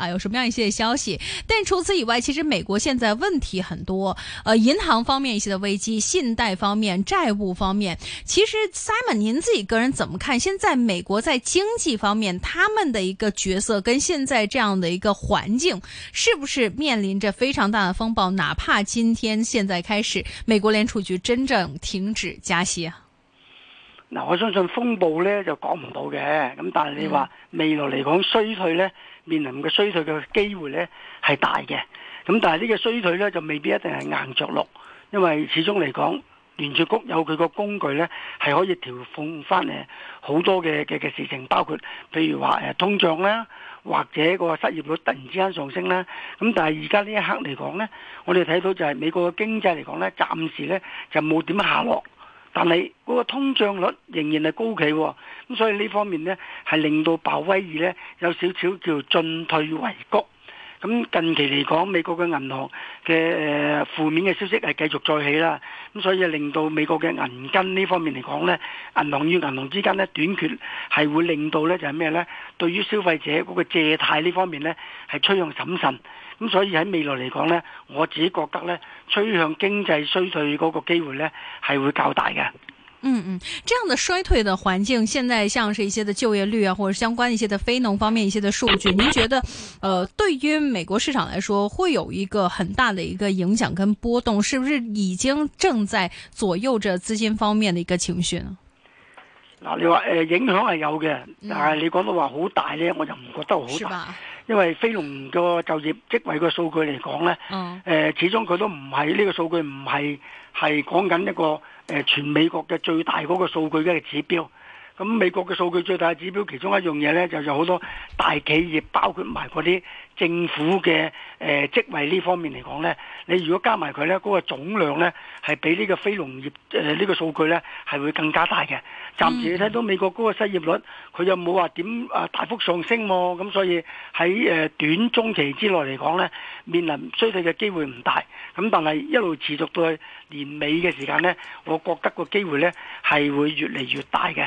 啊，有什麼樣一些消息？但除此以外，其實美國現在問題很多，呃，銀行方面一些的危機，信貸方面、債務方面。其實，Simon，您自己個人怎麼看？現在美國在經濟方面他們的一個角色，跟現在這樣的一個環境，是不是面臨着非常大的風暴？哪怕今天現在開始，美國聯儲局真正停止加息啊？我相信風暴呢就講唔到嘅，咁但係你話、嗯、未來嚟講衰退呢？面臨嘅衰退嘅機會呢係大嘅，咁但係呢個衰退呢，就未必一定係硬着陸，因為始終嚟講，聯儲局有佢個工具呢，係可以調控翻誒好多嘅嘅嘅事情，包括譬如話誒通脹啦，或者個失業率突然之間上升啦，咁但係而家呢一刻嚟講呢，我哋睇到就係美國嘅經濟嚟講呢，暫時呢就冇點下落。但係嗰個通脹率仍然係高企，哦，咁所以呢方面呢係令到鮑威爾呢有少少叫進退維谷。咁近期嚟講，美國嘅銀行嘅誒負面嘅消息係繼續再起啦，咁所以令到美國嘅銀根呢方面嚟講呢，銀行與銀行之間呢短缺係會令到呢就係咩呢？對於消費者嗰個借貸呢方面呢，係趨向審慎。咁所以喺未來嚟講呢，我自己覺得呢，趨向經濟衰退嗰個機會呢係會較大嘅。嗯嗯，這樣的衰退的環境，現在像是一些的就業率啊，或者相關一些的非農方面一些的數據，您覺得，呃，對於美國市場來說，會有一個很大的一個影響跟波動，是不是已經正在左右着資金方面的一個情緒呢？嗱、嗯，你話，誒，影響係有嘅，但係你講到話好大呢，我就唔覺得好大。因為非農嘅就業職位嘅數據嚟講咧，誒，始終佢都唔係呢個數據，唔係係講緊一個誒全美國嘅最大 𠮶 個數據嘅指標。咁美國嘅數據最大嘅指標，其中一樣嘢呢，就有好多大企業，包括埋嗰啲政府嘅誒、呃、職位呢方面嚟講呢，你如果加埋佢呢，嗰、那個總量呢，係比呢個非農業誒呢、呃這個數據呢，係會更加大嘅。暫時你睇到美國嗰個失業率，佢又冇話點啊大幅上升喎，咁所以喺短中期之內嚟講呢，面臨衰退嘅機會唔大。咁但係一路持續到去年尾嘅時間呢，我覺得個機會呢，係會越嚟越大嘅。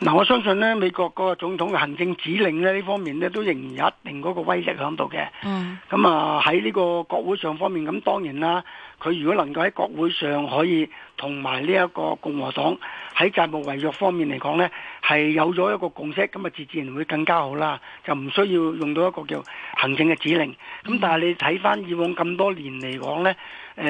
嗱，啊，我相信咧，美國嗰個總統嘅行政指令咧，呢方面咧都仍然有一定嗰個威脅喺度嘅。嗯。咁啊，喺呢個國會上方面，咁當然啦，佢如果能夠喺國會上可以同埋呢一個共和黨喺債務違約方面嚟講咧，係有咗一個共識，咁啊，自然會更加好啦，就唔需要用到一個叫行政嘅指令。咁但係你睇翻以往咁多年嚟講咧，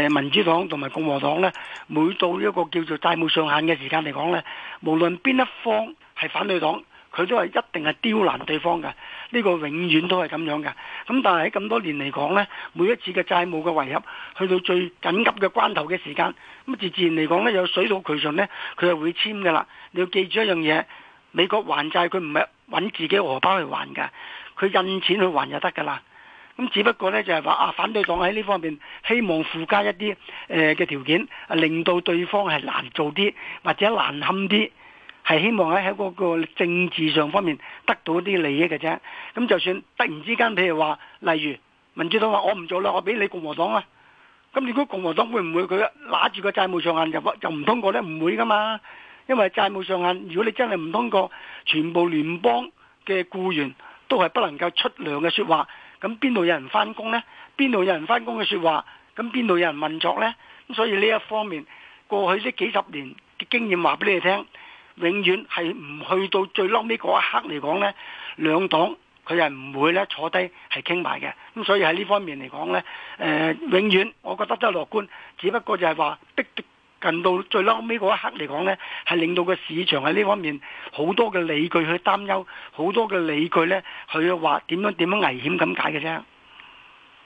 民主黨同埋共和黨呢，每到一個叫做債務上限嘅時間嚟講呢，無論邊一方係反對黨，佢都係一定係刁難對方嘅。呢個永遠都係咁樣嘅。咁但係喺咁多年嚟講呢，每一次嘅債務嘅圍合，去到最緊急嘅關頭嘅時間，咁自自然嚟講呢，有水到渠成呢，佢就會簽㗎啦。你要記住一樣嘢，美國還債佢唔係揾自己荷包去還㗎，佢印錢去還就得㗎啦。咁只不過呢就係話啊，反對黨喺呢方面希望附加一啲、呃、嘅條件，令到對方係難做啲或者難堪啲，係希望喺喺嗰個政治上方面得到啲利益嘅啫。咁就算突然之間，譬如話，例如民主黨話我唔做啦，我俾你共和黨啊。咁你估共和黨會唔會佢拿住個債務上限入就就唔通過呢？唔會噶嘛，因為債務上限如果你真係唔通過，全部聯邦嘅僱員都係不能夠出糧嘅説話。咁邊度有人翻工呢？邊度有人翻工嘅說話？咁邊度有人問作呢？咁所以呢一方面，過去呢幾十年嘅經驗話俾你聽，永遠係唔去到最撈尾嗰一刻嚟講呢。兩黨佢係唔會呢坐低係傾埋嘅。咁所以喺呢方面嚟講呢，呃，永遠我覺得都係樂觀，只不過就係話逼。近到最嬲尾嗰一刻嚟講咧，係令到個市場喺呢方面好多嘅理據去擔憂，好多嘅理據咧，去話點樣點樣危險咁解嘅啫。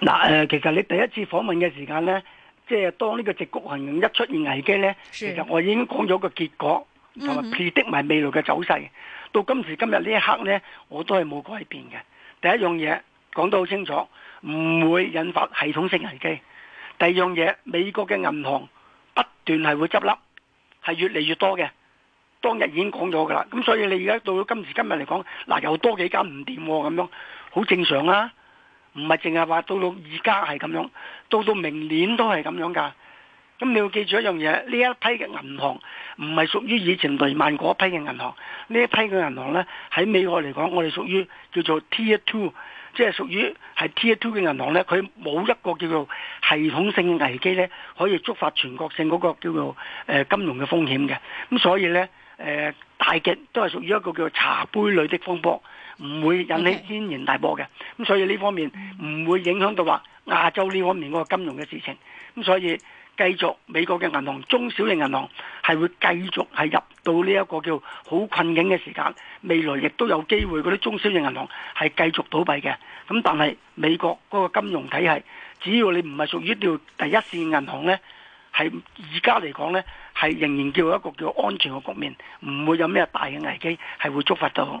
嗱誒，其實你第一次訪問嘅時間咧，即係當呢個矽谷行一出現危機咧，其實我已經講咗個結果同埋預的埋未來嘅走勢。到今時今日呢一刻咧，我都係冇改變嘅。第一樣嘢講得好清楚，唔會引發系統性危機。第二樣嘢，美國嘅銀行不斷係會執笠，係越嚟越多嘅。當日已經講咗㗎啦。咁所以你而家到咗今時今日嚟講，嗱又多幾間唔掂咁樣，好正常啊！唔係淨係話到到而家係咁樣，到到明年都係咁樣㗎。咁你要記住一樣嘢，呢一批嘅銀行唔係屬於以前雷曼嗰一批嘅銀行。呢一批嘅銀行呢，喺美國嚟講，我哋屬於叫做 Tier Two，即係屬於係 Tier Two 嘅銀行呢，佢冇一個叫做系統性嘅危機呢，可以觸發全國性嗰個叫做誒金融嘅風險嘅。咁所以呢，誒、呃、大極都係屬於一個叫做茶杯裏的風波。唔會引起軒然大波嘅，咁 Okay. 所以呢方面唔會影響到話亞洲呢方面嗰個金融嘅事情，咁所以繼續美國嘅銀行中小型銀行係會繼續係入到呢一個叫好困境嘅時間，未來亦都有機會嗰啲中小型銀行係繼續倒閉嘅，咁但係美國嗰個金融體系，只要你唔係屬於叫第一線銀行咧，係而家嚟講咧係仍然叫一個叫安全嘅局面，唔會有咩大嘅危機，係會觸發到。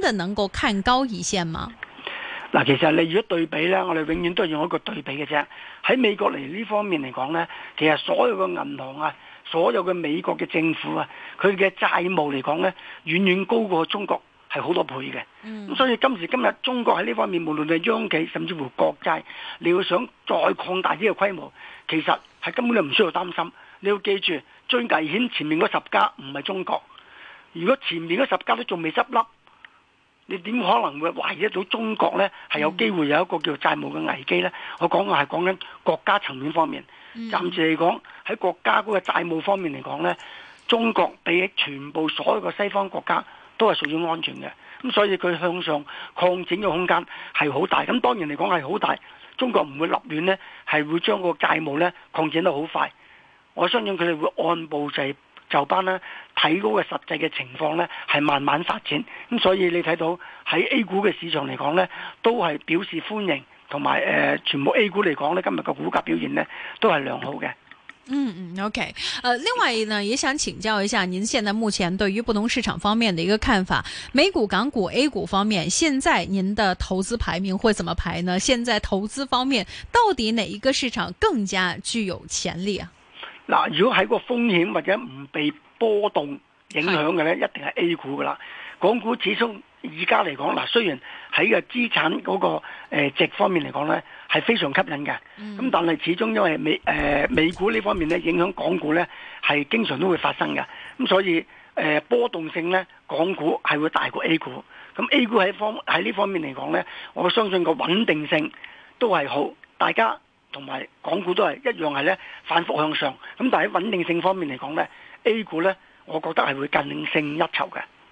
真的能夠看高一線嗎？嗱，其實你如果對比呢，我哋永遠都係用一個對比嘅啫。喺美國嚟呢方面嚟講呢，其實所有嘅銀行啊，所有嘅美國嘅政府啊，佢嘅債務嚟講呢，遠遠高過中國係好多倍嘅。咁、嗯、所以今時今日，中國喺呢方面，無論係央企甚至乎國債，你要想再擴大呢個規模，其實係根本都唔需要擔心。你要記住，最危險前面嗰十家唔係中國，如果前面嗰十家都仲未執笠。你點可能會懷疑得到中國咧係有機會有一個叫做債務嘅危機咧？我講嘅係講緊國家層面方面，暫時嚟講喺國家嗰個債務方面嚟講咧，中國比起全部所有嘅西方國家都係屬於安全嘅，咁所以佢向上擴展嘅空間係好大。咁當然嚟講係好大，中國唔會立亂咧，係會將個債務咧擴展得好快。我相信佢哋會按部就就班呢，睇嗰個實際嘅情況呢，係慢慢發展。咁所以你睇到喺 A 股嘅市場嚟講呢，都係表示歡迎，同埋誒全部 A 股嚟講呢，今日個股價表現呢，都係良好嘅。嗯嗯，OK、呃。誒，另外呢，也想請教一下您，現在目前對於不同市場方面的一個看法，美股、港股、A 股方面，現在您的投資排名會怎麼排呢？現在投資方面，到底哪一個市場更加具有潛力啊？嗱，如果喺個風險或者唔被波動影響嘅咧，一定係 A 股噶啦。港股始終而家嚟講，嗱雖然喺個資產嗰個誒值方面嚟講呢，係非常吸引嘅，咁、嗯、但係始終因為美誒、呃、美股呢方面呢，影響港股呢係經常都會發生嘅，咁所以誒、呃、波動性呢，港股係會大過 A 股。咁 A 股喺方喺呢方面嚟講呢，我相信個穩定性都係好，大家。同埋港股都係一樣呢，係咧反覆向上，咁但係喺穩定性方面嚟講咧，A 股咧，我覺得係會更勝一籌嘅。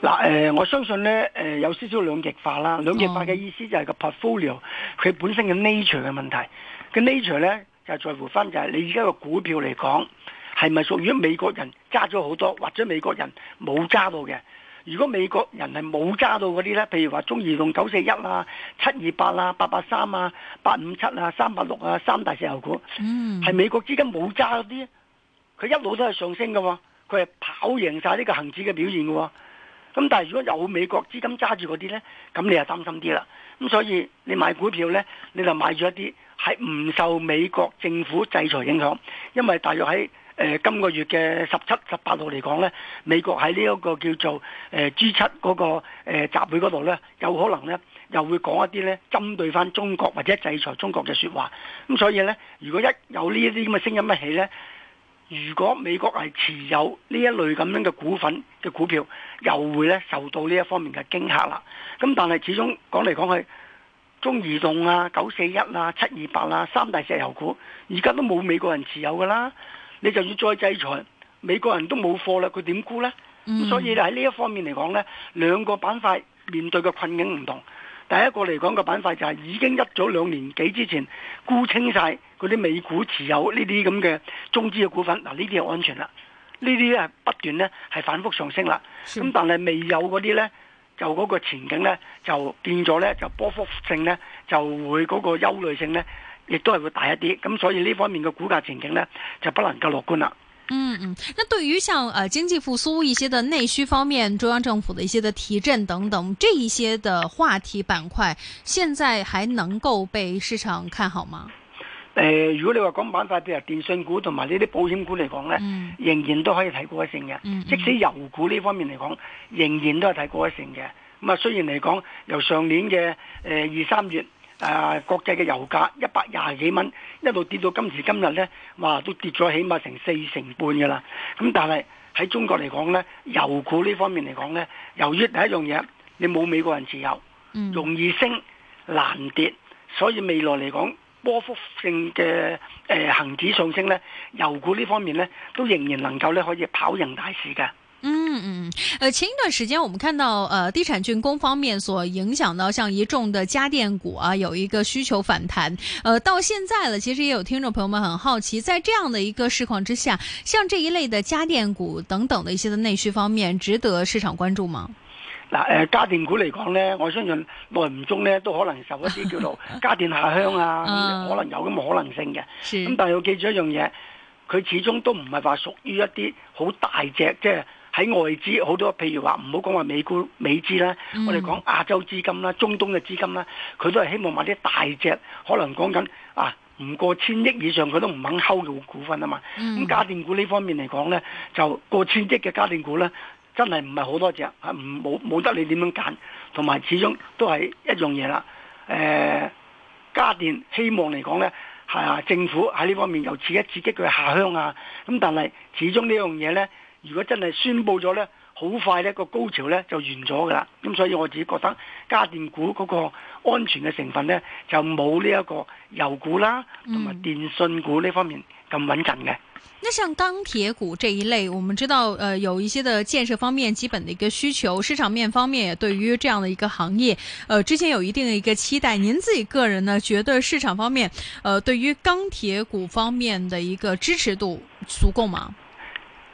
嗱、呃，我相信咧、呃，有少少兩極化啦。兩極化嘅意思就係個 portfolio 佢本身嘅 nature 嘅問題。個 nature 咧，就係在乎翻就係你而家個股票嚟講，係咪屬於美國人揸咗好多，或者美國人冇揸到嘅？如果美國人係冇揸到嗰啲咧，譬如話中移動九四一啊、七二八啊、八八三啊、八五七啊、三百六啊，三大石油股，係、嗯、美國資金冇揸嗰啲，佢一路都係上升嘅喎、啊，佢係跑贏晒呢個恒指嘅表現嘅喎、啊。咁但係如果有美國資金揸住嗰啲呢，咁你又擔心啲啦。咁所以你買股票呢，你就買咗一啲係唔受美國政府制裁影響。因為大約喺、呃、今個月嘅十七、十八號嚟講呢，美國喺呢一個叫做、呃、G 七嗰個、呃、集會嗰度呢，有可能呢又會講一啲呢針對翻中國或者制裁中國嘅說話。咁所以呢，如果一有呢一啲咁嘅聲音一起呢。如果美國係持有呢一類咁樣嘅股份嘅股票，又會咧受到呢一方面嘅驚嚇啦。咁但係始終講嚟講去，中移動啊、九四一啊、七二八啊、三大石油股，而家都冇美國人持有噶啦。你就要再制裁美國人都冇貨啦，佢點估呢？嗯、所以喺呢一方面嚟講呢，兩個板塊面對嘅困境唔同。第一個嚟講個板塊就係已經一早兩年幾之前沽清晒嗰啲美股持有呢啲咁嘅中資嘅股份，嗱呢啲係安全啦，呢啲係不斷咧係反覆上升啦，咁但係未有嗰啲咧就嗰個前景咧就變咗咧就波幅性咧就會嗰個憂慮性咧亦都係會大一啲，咁所以呢方面嘅股價前景咧就不能夠樂觀啦。嗯嗯，那對於像呃經濟復甦一些的內需方面，中央政府的一些的提振等等，這一些的話題板塊，現在還能夠被市場看好嗎？誒、呃，如果你話講板塊，譬如電信股同埋呢啲保險股嚟講咧，嗯、仍然都可以睇過一成嘅。嗯嗯，即使油股呢方面嚟講，仍然都係睇過一成嘅。咁啊，雖然嚟講由上年嘅誒二三月。誒、呃、國際嘅油價一百廿幾蚊，一路跌到今時今日呢，哇都跌咗起碼成四成半㗎啦。咁但係喺中國嚟講呢，油股呢方面嚟講呢，由於第一樣嘢你冇美國人自由，容易升難跌，所以未來嚟講波幅性嘅誒恒指上升呢，油股呢方面呢，都仍然能夠呢可以跑贏大市嘅。嗯，呃，前一段時間我們看到，呃地產竣工方面所影響到，像一眾的家電股啊，有一個需求反彈。呃，到現在咧，其實也有聽眾朋友們很好奇，在這樣的一個市況之下，像這一類的家電股等等的一些的內需方面，值得市場關注嗎？嗱，呃，家電股嚟講呢，我相信耐唔中呢，都可能受一啲叫做家電下鄉啊， 啊可能有咁嘅可能性嘅。咁是但係要記住一樣嘢，佢始終都唔係話屬於一啲好大隻，即係。喺外資好多，譬如話唔好講話美股美資啦，嗯、我哋講亞洲資金啦、中東嘅資金啦，佢都係希望買啲大隻，可能講緊啊，唔過千億以上佢都唔肯溝嘅股份啊嘛。咁、嗯、家電股呢方面嚟講呢，就過千億嘅家電股呢，真係唔係好多隻，係唔冇冇得你點樣揀。同埋始終都係一樣嘢啦。誒、呃，家電希望嚟講呢，係啊，政府喺呢方面又刺激刺激佢下鄉啊。咁但係始終呢樣嘢呢。如果真係宣布咗呢，好快呢個高潮呢就完咗噶啦，咁所以我自己覺得家電股嗰個安全嘅成分呢，就冇呢一個油股啦同埋電信股呢方面咁穩陣嘅、嗯。那像鋼鐵股這一類，我們知道，有一些的建設方面基本的一個需求，市場面方面也對於這樣的一個行業，呃、之前有一定的一個期待。您自己個人呢覺得市場方面，誒、呃、對於鋼鐵股方面的一個支持度足夠嗎？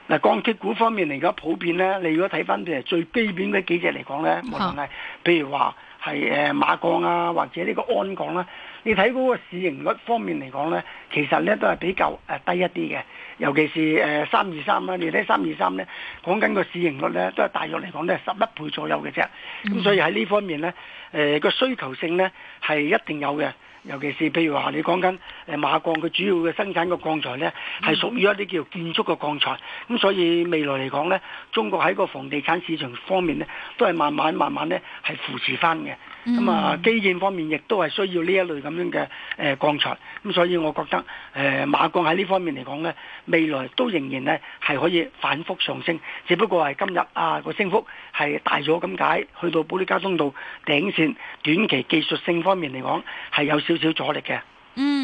嗱，鋼鐵股方面嚟講，普遍咧，你如果睇翻譬如最基本嘅幾隻嚟講咧，無論係譬如話係馬鋼啊，或者呢個安鋼啦、啊，你睇嗰個市盈率方面嚟講咧，其實咧都係比較低一啲嘅，尤其是誒三二三啦，你睇三二三咧，講緊個市盈率咧，都係大約嚟講咧，都係十一倍左右嘅啫。咁、嗯、所以喺呢方面咧，個、呃、需求性咧係一定有嘅。尤其是譬如話你講緊誒，馬鋼佢主要嘅生產嘅鋼材呢，係屬於一啲叫建築嘅鋼材，咁所以未來嚟講呢，中國喺個房地產市場方面呢，都係慢慢慢慢呢係扶持翻嘅。咁啊，嗯、基電基建方面亦都係需要呢一類咁樣嘅誒鋼材，咁所以我覺得誒馬鋼喺呢方面嚟講呢，未來都仍然呢係可以反覆上升，只不過係今日啊個升幅係大咗咁解，去到保利加通道頂線，短期技術性方面嚟講係有少少阻力嘅。嗯。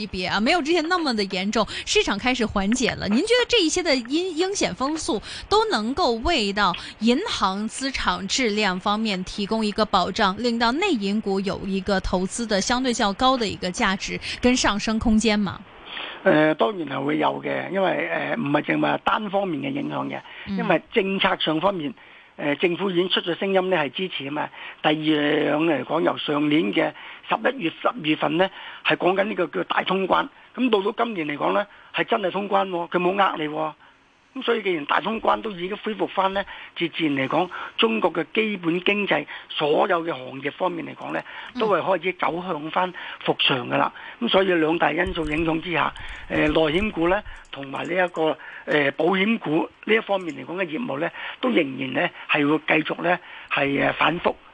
級別啊，沒有之前那麼的嚴重，市場開始緩解了。您覺得這一些的陰陰險風速都能夠為到銀行資產質量方面提供一個保障，令到內銀股有一個投資的相對較高的一個價值跟上升空間嗎？呃、當然係會有嘅，因為誒唔係淨係單方面嘅影響嘅，因為政策上方面，誒、呃、政府已經出咗聲音咧係支持嘛。第二樣嚟講，由上年嘅。十一月、十二月份呢，係講緊呢個叫大通關。咁到咗今年嚟講呢，係真係通關、哦，佢冇呃你、哦。咁所以，既然大通關都已經恢復翻呢，自然嚟講，中國嘅基本經濟所有嘅行業方面嚟講呢，都係開始走向翻復常㗎啦。咁所以兩大因素影響之下，誒、呃、內險股呢，同埋呢一個誒、呃、保險股呢一方面嚟講嘅業務呢，都仍然呢係會繼續呢，係誒反覆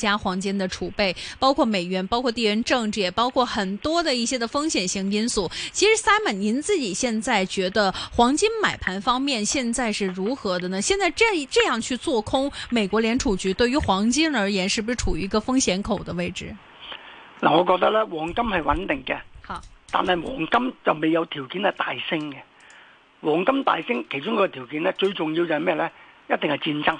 加黃金的儲備，包括美元，包括地緣政治，也包括很多的一些的風險性因素。其實 Simon，您自己現在覺得黃金買盤方面現在是如何的呢？現在這這樣去做空美國聯儲局，對於黃金而言，是不是處於一個風險口的位置？嗱，我覺得咧，黃金係穩定嘅，但係黃金就未有條件係大升嘅。黃金大升其中一個條件呢，最重要就係咩呢？一定係戰爭。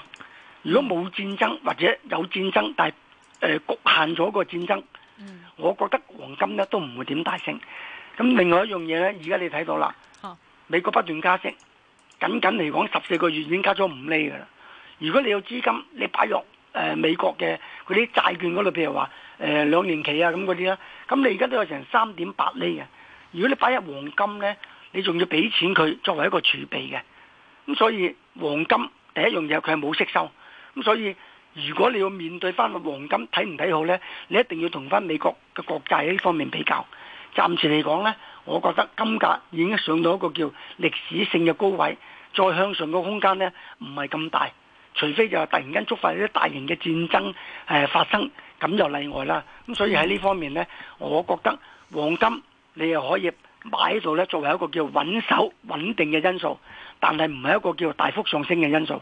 如果冇戰爭或者有戰爭，但係誒侷限咗個戰爭，嗯、我覺得黃金咧都唔會點大升。咁另外一樣嘢咧，而家你睇到啦，美國不斷加息，僅僅嚟講十四個月已經加咗五厘噶啦。如果你有資金，你擺入誒、呃、美國嘅嗰啲債券嗰度，譬如話誒、呃、兩年期啊咁嗰啲啦，咁你而家都有成三點八厘嘅。如果你擺入黃金咧，你仲要俾錢佢作為一個儲備嘅，咁所以黃金第一樣嘢佢係冇息收。咁所以如果你要面對翻個黃金睇唔睇好咧，你一定要同翻美國嘅國債呢方面比較。暫時嚟講咧，我覺得金價已經上到一個叫歷史性嘅高位，再向上個空間咧，唔係咁大，除非就是突然間觸發一啲大型嘅戰爭誒發生，咁就例外啦。咁所以喺呢方面咧，我覺得黃金你又可以買喺度咧，作為一個叫穩守穩定嘅因素，但係唔係一個叫大幅上升嘅因素。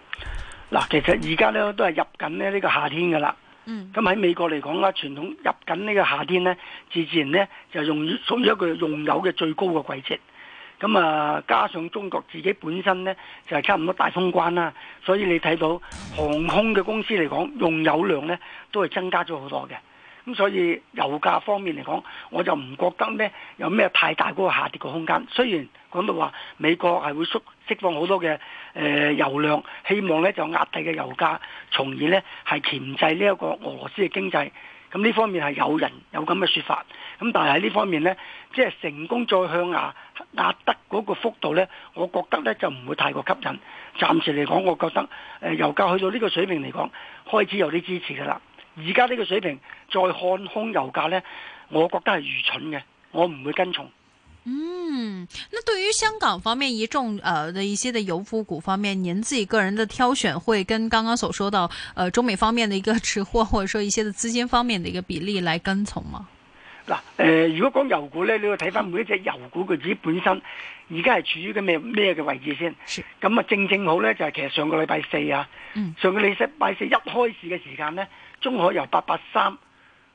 嗱，其實而家咧都係入緊咧呢個夏天㗎喇。咁喺美國嚟講啦，傳統入緊呢個夏天咧，自然咧就用屬於一個用油嘅最高嘅季節。咁啊，加上中國自己本身咧就係差唔多大封關啦，所以你睇到航空嘅公司嚟講，用油量咧都係增加咗好多嘅。咁所以油價方面嚟講，我就唔覺得咧有咩太大嗰個下跌嘅空間。雖然咁咪話美國係會縮。釋放好多嘅誒、呃、油量，希望咧就壓低嘅油價，從而咧係鉗制呢一個俄羅斯嘅經濟。咁呢方面係有人有咁嘅說法。咁但係喺呢方面呢，即係成功再向下壓得嗰個幅度呢，我覺得呢就唔會太過吸引。暫時嚟講，我覺得誒、呃、油價去到呢個水平嚟講，開始有啲支持㗎喇。而家呢個水平再看空油價呢，我覺得係愚蠢嘅，我唔會跟從。嗯，那對於香港方面一眾，呃的一些的油服股方面，您自己個人的挑選會跟剛剛所說到，呃中美方面的一個持貨，或者說一些的資金方面的一個比例來跟從嗎？嗱、嗯、誒、呃，如果講油股咧，你要睇翻每一隻油股佢自己本身現在是，而家係處於嘅咩咩嘅位置先。咁啊是，那正正好咧就係、是、其實上個禮拜四啊，嗯、上個禮拜四一開市嘅時間呢，中海油八八三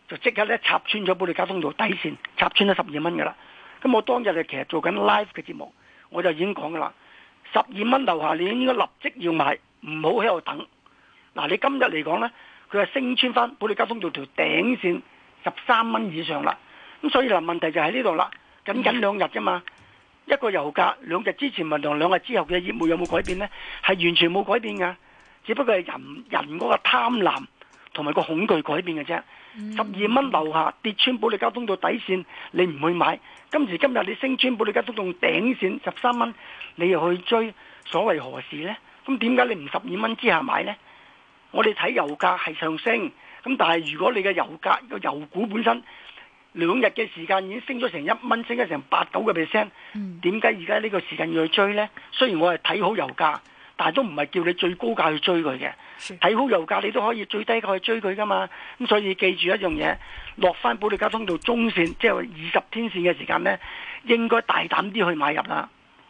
就即刻咧插穿咗保利加通道底線，插穿咗十二蚊噶啦。咁我當日就其實做緊 live 嘅節目，我就已經講噶啦，十二蚊樓下你應該立即要買，唔好喺度等。嗱，你今日嚟講咧，佢係升穿翻保利交通做條頂線，十三蚊以上啦。咁所以嗱，問題就喺呢度啦。僅僅兩日啫嘛，一個油價兩日之前唔同兩日之後嘅業務有冇改變咧？係完全冇改變㗎，只不過係人人嗰個貪婪同埋個恐懼改變嘅啫。十二蚊樓下跌穿保利交通道底線，你唔去買。今時今日你升穿保利交通道頂線十三蚊，你又去追，所謂何事呢？咁點解你唔十二蚊之下買呢？我哋睇油價係上升，咁但係如果你嘅油價個油股本身兩日嘅時間已經升咗成一蚊，升咗成八九個 percent，點解而家呢個時間要去追呢？雖然我係睇好油價。但都唔係叫你最高價去追佢嘅，睇好油價你都可以最低價去追佢㗎嘛。咁所以記住一樣嘢，落返保利交通度中線，即係二十天線嘅時間呢，應該大膽啲去買入啦。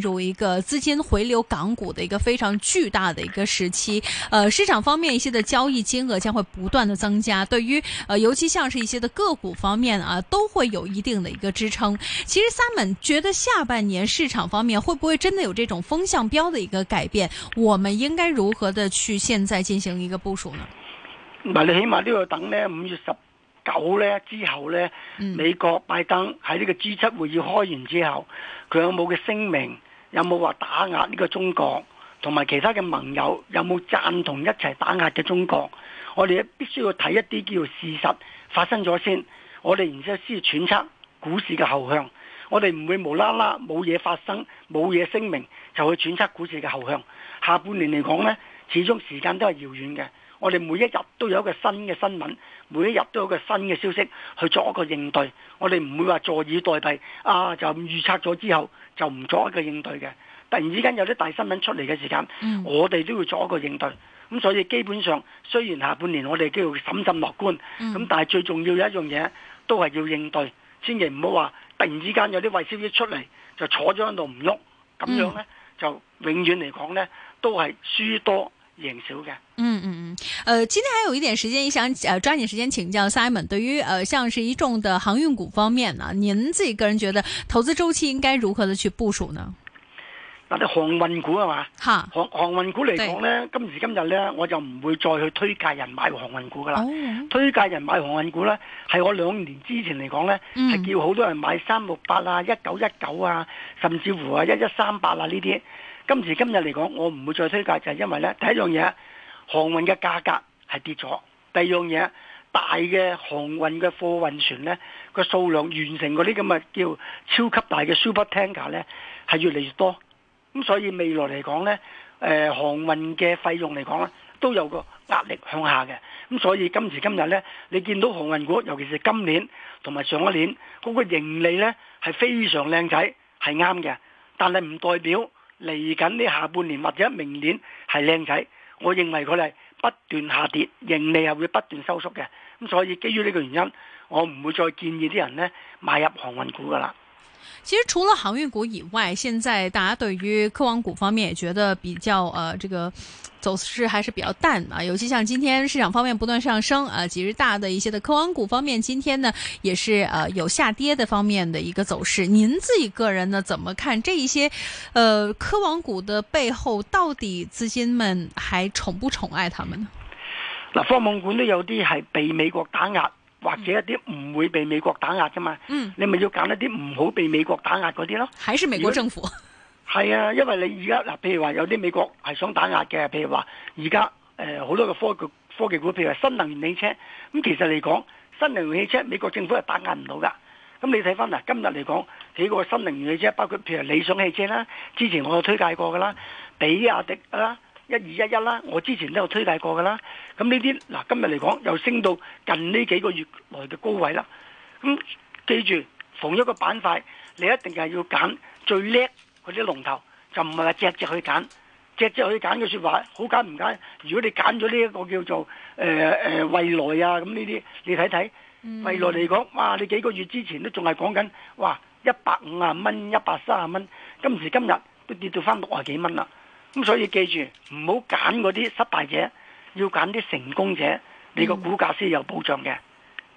入一個資金回流港股的一個非常巨大的一個時期，呃，市場方面一些的交易金額將會不斷的增加，對於呃，尤其像是一些的個股方面啊，都會有一定的一個支撐。其實 Simon、嗯、覺得下半年市場方面會不會真的有這種風向標的一個改變？我們應該如何的去現在進行一個部署呢？唔係、嗯，你起碼都要等呢五月十九咧之後咧，美國拜登喺呢個 G7 會議開完之後，佢有冇嘅聲明？有冇話打壓呢個中國，同埋其他嘅盟友有冇贊同一齊打壓嘅中國？我哋必須要睇一啲叫事實發生咗先，我哋然之後先至揣測股市嘅後向，我哋唔會無啦啦冇嘢發生冇嘢聲明就去揣測股市嘅後向。下半年嚟講呢，始終時間都係遙遠嘅。我哋每一日都有一個新嘅新聞，每一日都有一個新嘅消息去作一個應對。我哋唔會話坐以待斃，啊，就預測咗之後就唔作一個應對嘅。突然之間有啲大新聞出嚟嘅時間，嗯、我哋都要作一個應對。咁所以基本上，雖然下半年我哋都要審慎樂觀，咁、嗯、但係最重要一樣嘢都係要應對，千祈唔好話突然之間有啲壞消息出嚟就坐咗喺度唔喐，咁樣呢，嗯、就永遠嚟講呢，都係輸多。盈少嘅，嗯嗯嗯，呃，今天還有一點時間，想，呃，抓緊時間請教 Simon，對於，呃，像是一眾的航運股方面啊，您自己個人覺得投資周期應該如何的去部署呢？嗱，啲哈航運股係嘛，吓航航運股嚟講呢，對今時今日呢，我就唔會再去推介人買航運股噶啦，哦、推介人買航運股呢，係我兩年之前嚟講呢，係、嗯、叫好多人買三六八啊、一九一九啊，甚至乎啊一一三八啊呢啲。今時今日嚟講，我唔會再推介，就係、是、因為呢第一樣嘢，航運嘅價格係跌咗；第二樣嘢，大嘅航運嘅貨運船呢個數量完成嗰啲咁嘅叫超級大嘅 super tanker 呢，係越嚟越多，咁所以未來嚟講呢，誒、呃、航運嘅費用嚟講呢，都有個壓力向下嘅，咁所以今時今日呢，你見到航運股，尤其是今年同埋上一年嗰、嗰個盈利呢係非常靚仔，係啱嘅，但係唔代表。嚟緊呢下半年或者明年係靚仔，我認為佢係不斷下跌，盈利係會不斷收縮嘅，咁所以基於呢個原因，我唔會再建議啲人呢買入航運股噶啦。其實除了航運股以外，現在大家對於科網股方面也覺得比較，誒、呃，這個。走勢還是比較淡啊，尤其像今天市場方面不斷上升啊，幾日大的一些的科網股方面，今天呢也是呃有下跌的方面的一個走勢。您自己個人呢怎麼看這一些呃科網股的背後到底資金們還寵不寵愛他們呢？那、啊、科網股都有啲係被美國打壓，或者一啲唔會被美國打壓㗎嘛？嗯，你咪要揀一啲唔好被美國打壓嗰啲咯？還是美國政府？係啊，因為你而家嗱，譬如話有啲美國係想打壓嘅，譬如話而家誒好多嘅科技科技股，譬如話新能源汽車，咁其實嚟講，新能源汽車美國政府係打壓唔到噶。咁你睇翻，嗱，今日嚟講幾個新能源汽車，包括譬如理想汽車啦，之前我有推介過噶啦，比亞迪啦，一二一一啦，我之前都有推介過噶啦。咁呢啲嗱，今日嚟講又升到近呢幾個月來嘅高位啦。咁記住，逢一個板塊，你一定係要揀最叻。嗰啲龍頭就唔係話隻隻去揀，隻隻去揀嘅説話，好揀唔揀？如果你揀咗呢一個叫做誒誒蔚來啊咁呢啲，你睇睇蔚來嚟講，哇！你幾個月之前都仲係講緊，哇，一百五啊蚊、一百三十蚊，今時今日都跌到返六啊幾蚊啦。咁所以記住，唔好揀嗰啲失敗者，要揀啲成功者，你個股價先有保障嘅。